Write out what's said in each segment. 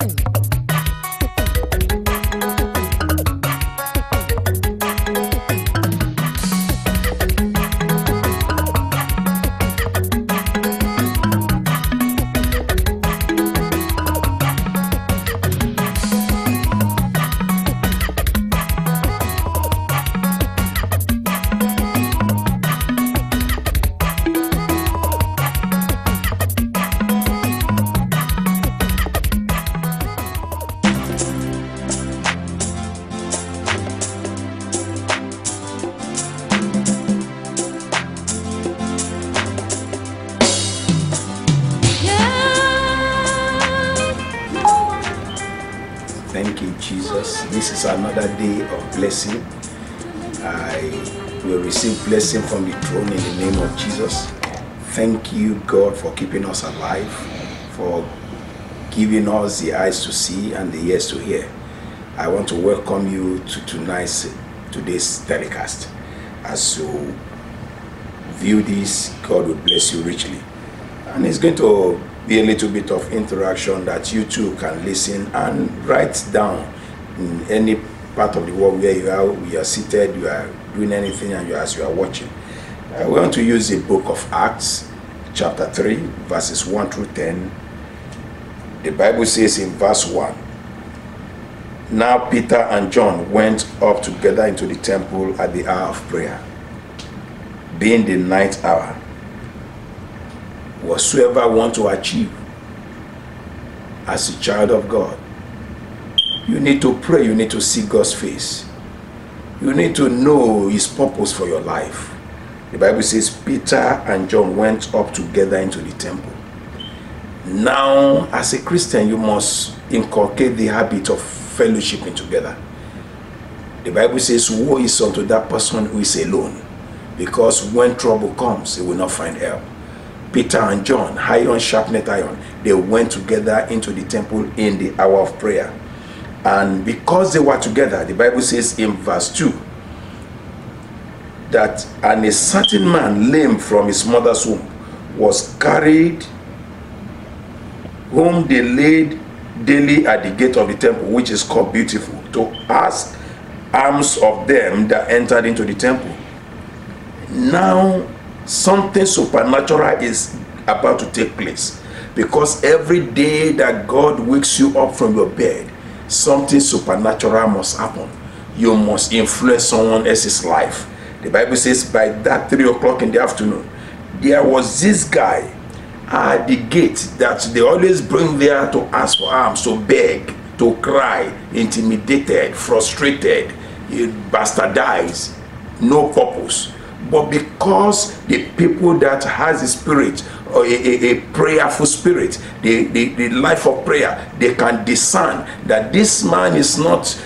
do. this is another day of blessing. I will receive blessing from the throne in the name of Jesus. Thank you, God, for keeping us alive, for giving us the eyes to see and the ears to hear. I want to welcome you to tonight's today's telecast. As you view this, God will bless you richly. And it's going to be a little bit of interaction that you too can listen and write down in any part of the world where you are, you are seated, you are doing anything, and you as you are watching. I uh, want to use the book of Acts, chapter 3, verses 1 through 10. The Bible says in verse 1 Now Peter and John went up together into the temple at the hour of prayer, being the ninth hour. Whatsoever I want to achieve as a child of God, you need to pray, you need to see God's face. You need to know His purpose for your life. The Bible says Peter and John went up together into the temple. Now, as a Christian, you must inculcate the habit of fellowshipping together. The Bible says, Woe is unto that person who is alone, because when trouble comes, he will not find help. Peter and John, iron sharpened iron, they went together into the temple in the hour of prayer. And because they were together, the Bible says in verse 2 that, and a certain man lame from his mother's womb was carried, whom they laid daily at the gate of the temple, which is called Beautiful, to ask alms of them that entered into the temple. Now, something supernatural is about to take place because every day that God wakes you up from your bed, something supernatural must happen. You must influence someone else's life. The Bible says by that three o'clock in the afternoon, there was this guy at the gate that they always bring there to ask for arms, to beg, to cry, intimidated, frustrated, bastardized, no purpose but because the people that has a spirit or a, a, a prayerful spirit the, the the life of prayer they can discern that this man is not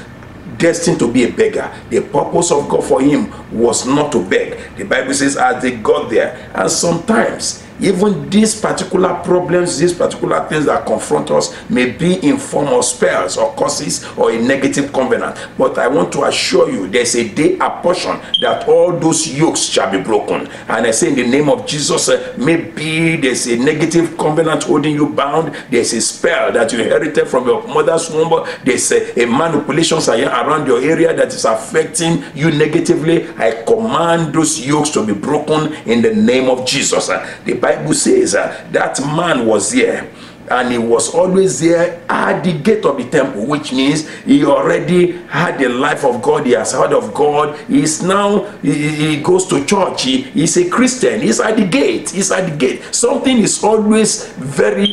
destined to be a beggar the purpose of god for him was not to beg the bible says as they got there and sometimes even these particular problems these particular things that confront us may be in form of spells or curses or a negative covenant but i want to assure you there's a day apportion that all those yokes shall be broken and i say in the name of jesus uh, maybe there's a negative covenant holding you bound there's a spell that you inherited from your mother's womb there's a, a manipulation around your area that is affecting you negatively i command those yokes to be broken in the name of jesus uh, the Bible says uh, that man was there and he was always there at the gate of the temple which means he already had the life of god he has heard of god he's now he, he goes to church he, is a christian he's at the gate he's at the gate something is always very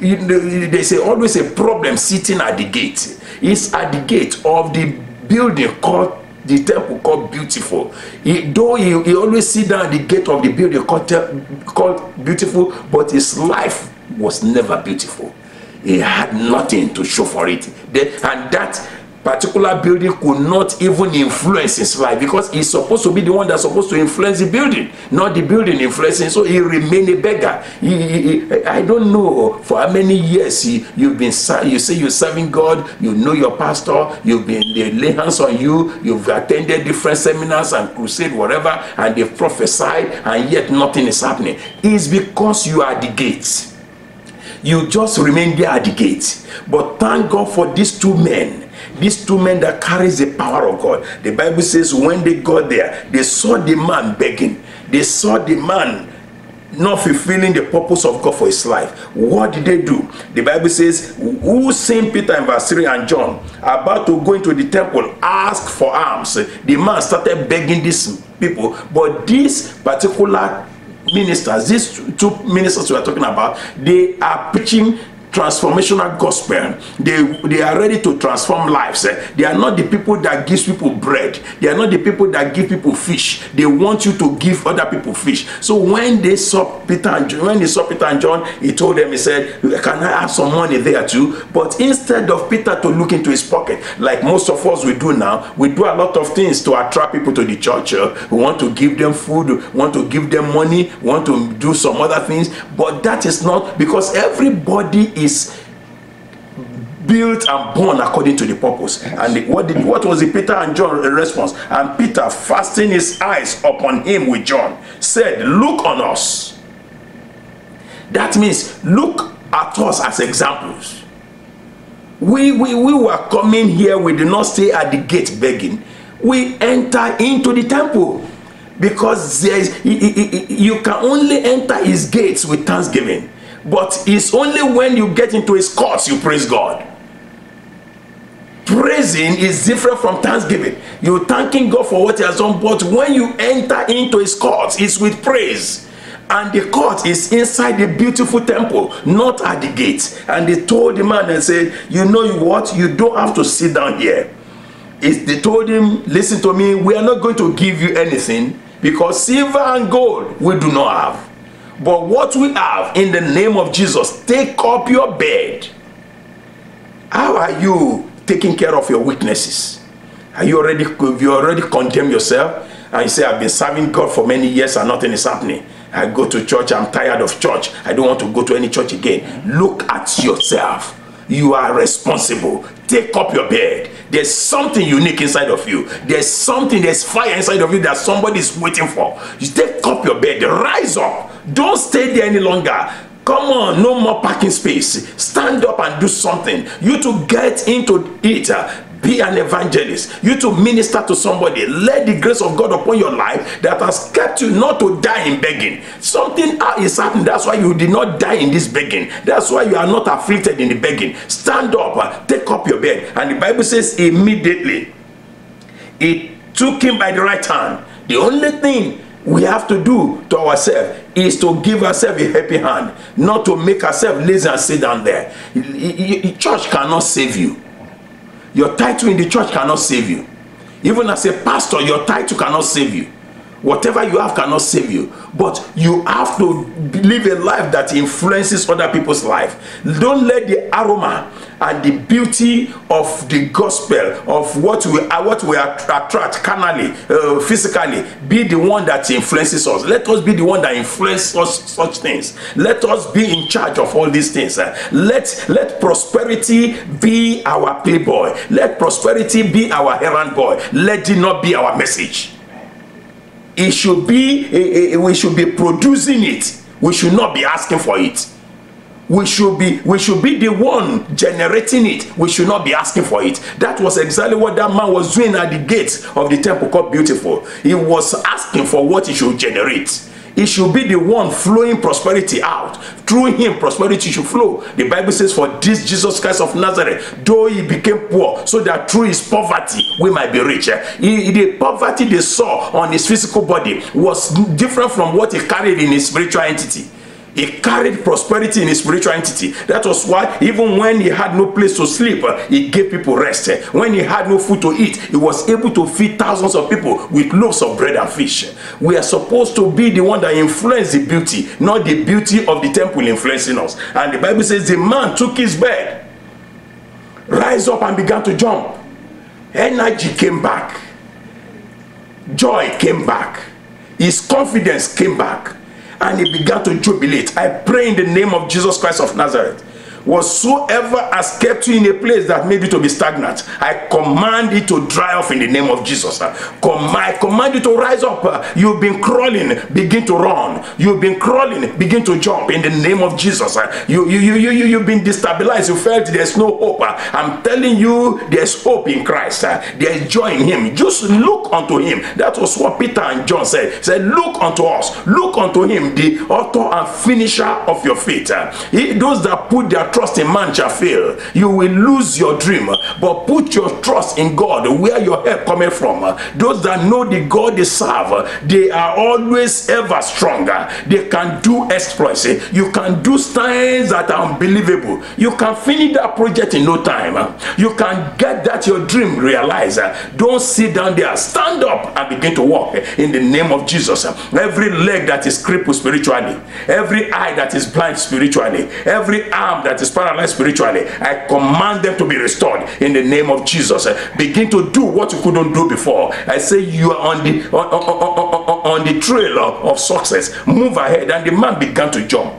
They say always a problem sitting at the gate he's at the gate of the building called the temple called beautiful he though he, he always sit down at the gate of the building called, called beautiful but his life was never beautiful he had nothing to show for it they, and that particular building could not even influence his life because he's supposed to be the one that's supposed to influence the building not the building influencing so he remain a beggar he, he, he, i don't know for how many years he, you've been you say you're serving god you know your pastor you've been they lay hands on you you've attended different seminars and crusade whatever and they prophesied and yet nothing is happening it's because you are the gates. you just remain there at the gate but thank god for these two men These two men that carries the power of God. The Bible says when they got there, they saw the man begging. They saw the man not fulfilling the purpose of God for his life. What did they do? The Bible says, Who sent Peter and Vasiri and John about to go into the temple, ask for alms? The man started begging these people, but these particular ministers, these two ministers we are talking about, they are preaching transformational gospel they they are ready to transform lives eh? they are not the people that gives people bread they are not the people that give people fish they want you to give other people fish so when they saw peter and john when they saw peter and john he told them he said can i have some money there too but instead of peter to look into his pocket like most of us we do now we do a lot of things to attract people to the church eh? we want to give them food want to give them money want to do some other things but that is not because everybody is built and born according to the purpose. And the, what did what was the Peter and John response? And Peter, fastening his eyes upon him with John, said, "Look on us." That means look at us as examples. We we we were coming here. We did not stay at the gate begging. We enter into the temple because there is, you can only enter his gates with thanksgiving but it's only when you get into his courts you praise God. Praising is different from thanksgiving. You're thanking God for what he has done, but when you enter into his courts, it's with praise. And the court is inside the beautiful temple, not at the gate. And they told the man and said, You know what? You don't have to sit down here. It's, they told him, Listen to me, we are not going to give you anything because silver and gold we do not have But what we have in the name of Jesus, take up your bed. How are you taking care of your weaknesses? Are you already you already condemn yourself and you say, I've been serving God for many years and nothing is happening? I go to church, I'm tired of church, I don't want to go to any church again. Look at yourself. You are responsible. Take up your bed. There's something unique inside of you. There's something, there's fire inside of you that somebody is waiting for. You take up your bed, rise up, Don't stay there any longer. Come on, no more parking space. Stand up and do something. You to get into it. Uh, be an evangelist you to minister to somebody let the grace of god upon your life that has kept you not to die in begging something is happening that's why you did not die in this begging that's why you are not afflicted in the begging stand up uh, take up your bed and the bible says immediately he took him by the right hand the only thing we have to do to ourselves is to give ourselves a happy hand, not to make ourselves lazy and sit down there. The church cannot save you. Your title in the church cannot save you. Even as a pastor, your title cannot save you. Whatever you have cannot save you. But you have to live a life that influences other people's life. Don't let the aroma and the beauty of the gospel of what we are uh, what we attract carnally uh, physically be the one that influences us let us be the one that influences us such things let us be in charge of all these things uh, let let prosperity be our playboy let prosperity be our errand boy let it not be our message it should be a, a, we should be producing it we should not be asking for it we should be we should be the one generating it we should not be asking for it that was exactly what that man was doing at the gate of the temple called beautiful he was asking for what he should generate He should be the one flowing prosperity out through him prosperity should flow the bible says for this jesus christ of nazareth though he became poor so that through his poverty we might be rich he, the poverty they saw on his physical body was different from what he carried in his spiritual entity He carried prosperity in his spiritual entity. That was why, even when he had no place to sleep, he gave people rest. When he had no food to eat, he was able to feed thousands of people with loaves of bread and fish. We are supposed to be the one that influence the beauty, not the beauty of the temple influencing us. And the Bible says the man took his bed, rise up and began to jump. Energy came back. Joy came back. His confidence came back and he began to jubilate. I pray in the name of Jesus Christ of Nazareth whatsoever has kept you in a place that you to be stagnant, I command it to dry off in the name of Jesus. I command you to rise up. You've been crawling, begin to run. You've been crawling, begin to jump in the name of Jesus. You, you, you, you, you, you've been destabilized. You felt there's no hope. I'm telling you, there's hope in Christ. There's joy in Him. Just look unto Him. That was what Peter and John said. He said, Look unto us. Look unto Him, the author and finisher of your faith. He, those that put their trust in man shall fail. You will lose your dream, but put your trust in God, where your help coming from. Those that know the God they serve, they are always ever stronger. They can do exploits. You can do signs that are unbelievable. You can finish that project in no time. You can get that your dream realized. Don't sit down there. Stand up and begin to walk in the name of Jesus. Every leg that is crippled spiritually, every eye that is blind spiritually, every arm that that is paralyzed spiritually, I command them to be restored in the name of Jesus. Begin to do what you couldn't do before. I say you are on the on, on, on, on the trail of, of success. Move ahead, and the man began to jump,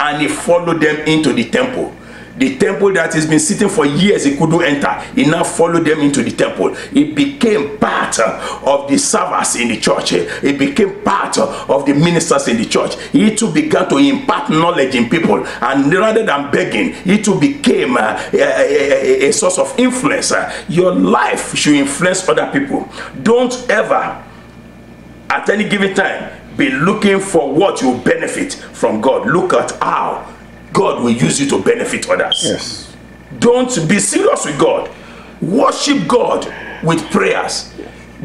and he followed them into the temple. The temple that has been sitting for years, he couldn't enter. He now followed them into the temple. He became part of the servers in the church. He became part of the ministers in the church. He too began to impart knowledge in people. And rather than begging, he too became uh, a, a, a, a source of influence. Your life should influence other people. Don't ever, at any given time, be looking for what you benefit from God. Look at how God will use you to benefit others. Yes. Don't be serious with God. Worship God with prayers.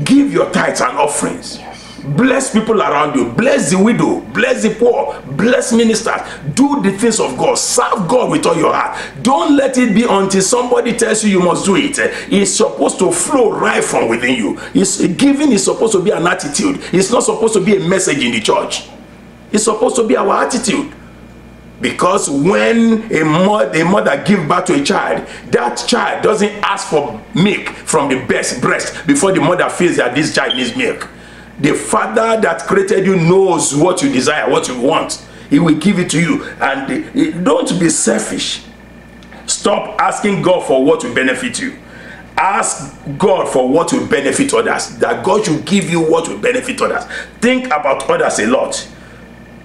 Give your tithes and offerings. Bless people around you. Bless the widow. Bless the poor. Bless ministers. Do the things of God. Serve God with all your heart. Don't let it be until somebody tells you you must do it. It's supposed to flow right from within you. It's, giving is supposed to be an attitude. It's not supposed to be a message in the church. It's supposed to be our attitude because when a, mo a mother gives birth to a child that child doesn't ask for milk from the best breast before the mother feels that this child needs milk the father that created you knows what you desire what you want he will give it to you and don't be selfish stop asking god for what will benefit you ask god for what will benefit others that god should give you what will benefit others think about others a lot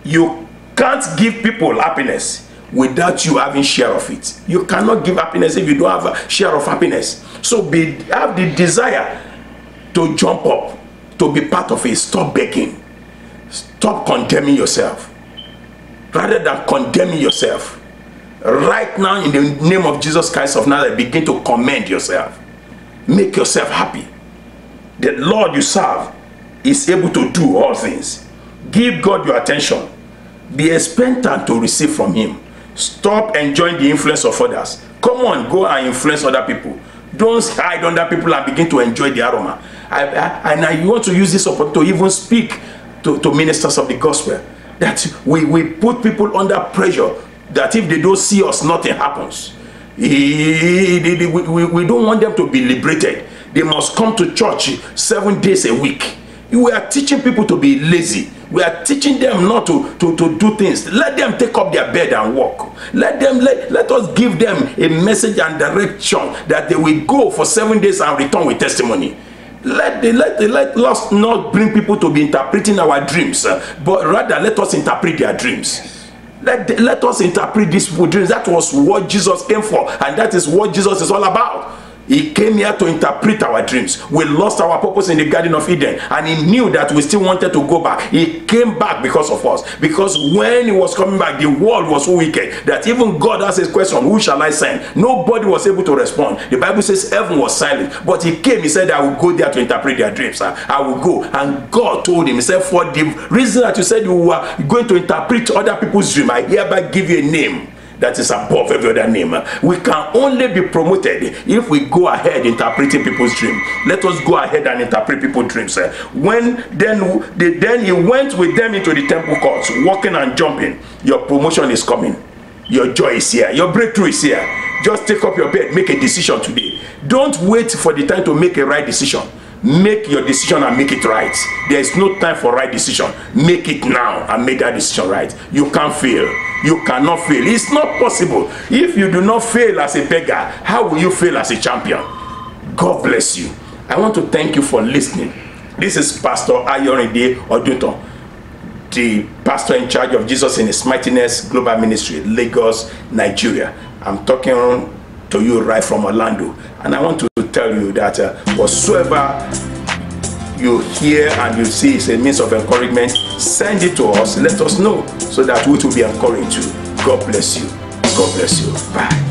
you can't give people happiness without you having share of it you cannot give happiness if you don't have a share of happiness so be have the desire to jump up to be part of it stop begging stop condemning yourself rather than condemning yourself right now in the name of jesus christ of nazareth begin to commend yourself make yourself happy the lord you serve is able to do all things give god your attention Be expectant to receive from Him. Stop enjoying the influence of others. Come on, go and influence other people. Don't hide under people and begin to enjoy the aroma. I, I, and I want to use this opportunity to even speak to, to ministers of the gospel that we, we put people under pressure that if they don't see us, nothing happens. We, we, we don't want them to be liberated. They must come to church seven days a week we are teaching people to be lazy we are teaching them not to to to do things let them take up their bed and work. let them let let us give them a message and direction that they will go for seven days and return with testimony let the let the let us not bring people to be interpreting our dreams uh, but rather let us interpret their dreams. Let, let us interpret these dreams. That was what Jesus came for, and that is what Jesus is all about. He came here to interpret our dreams. We lost our purpose in the Garden of Eden and he knew that we still wanted to go back. He came back because of us. Because when he was coming back, the world was so wicked that even God asked his question, Who shall I send? Nobody was able to respond. The Bible says heaven was silent. But he came, he said, I will go there to interpret their dreams. I, will go. And God told him, He said, For the reason that you said you were going to interpret other people's dreams, I hereby give you a name that is above every other name. We can only be promoted if we go ahead interpreting people's dreams. Let us go ahead and interpret people's dreams. When then they, then he went with them into the temple courts, walking and jumping. Your promotion is coming. Your joy is here. Your breakthrough is here. Just take up your bed, make a decision today. Don't wait for the time to make a right decision make your decision and make it right there is no time for right decision make it now and make that decision right you can fail you cannot fail it's not possible if you do not fail as a beggar how will you fail as a champion god bless you i want to thank you for listening this is pastor ayorinde odunton the pastor in charge of jesus in his mightiness global ministry lagos nigeria i'm talking to you right from orlando and i want to tell you that uh, whatsoever you hear and you see is a means of encouragement, send it to us. Let us know so that we will be encouraged too. God bless you. God bless you. Bye.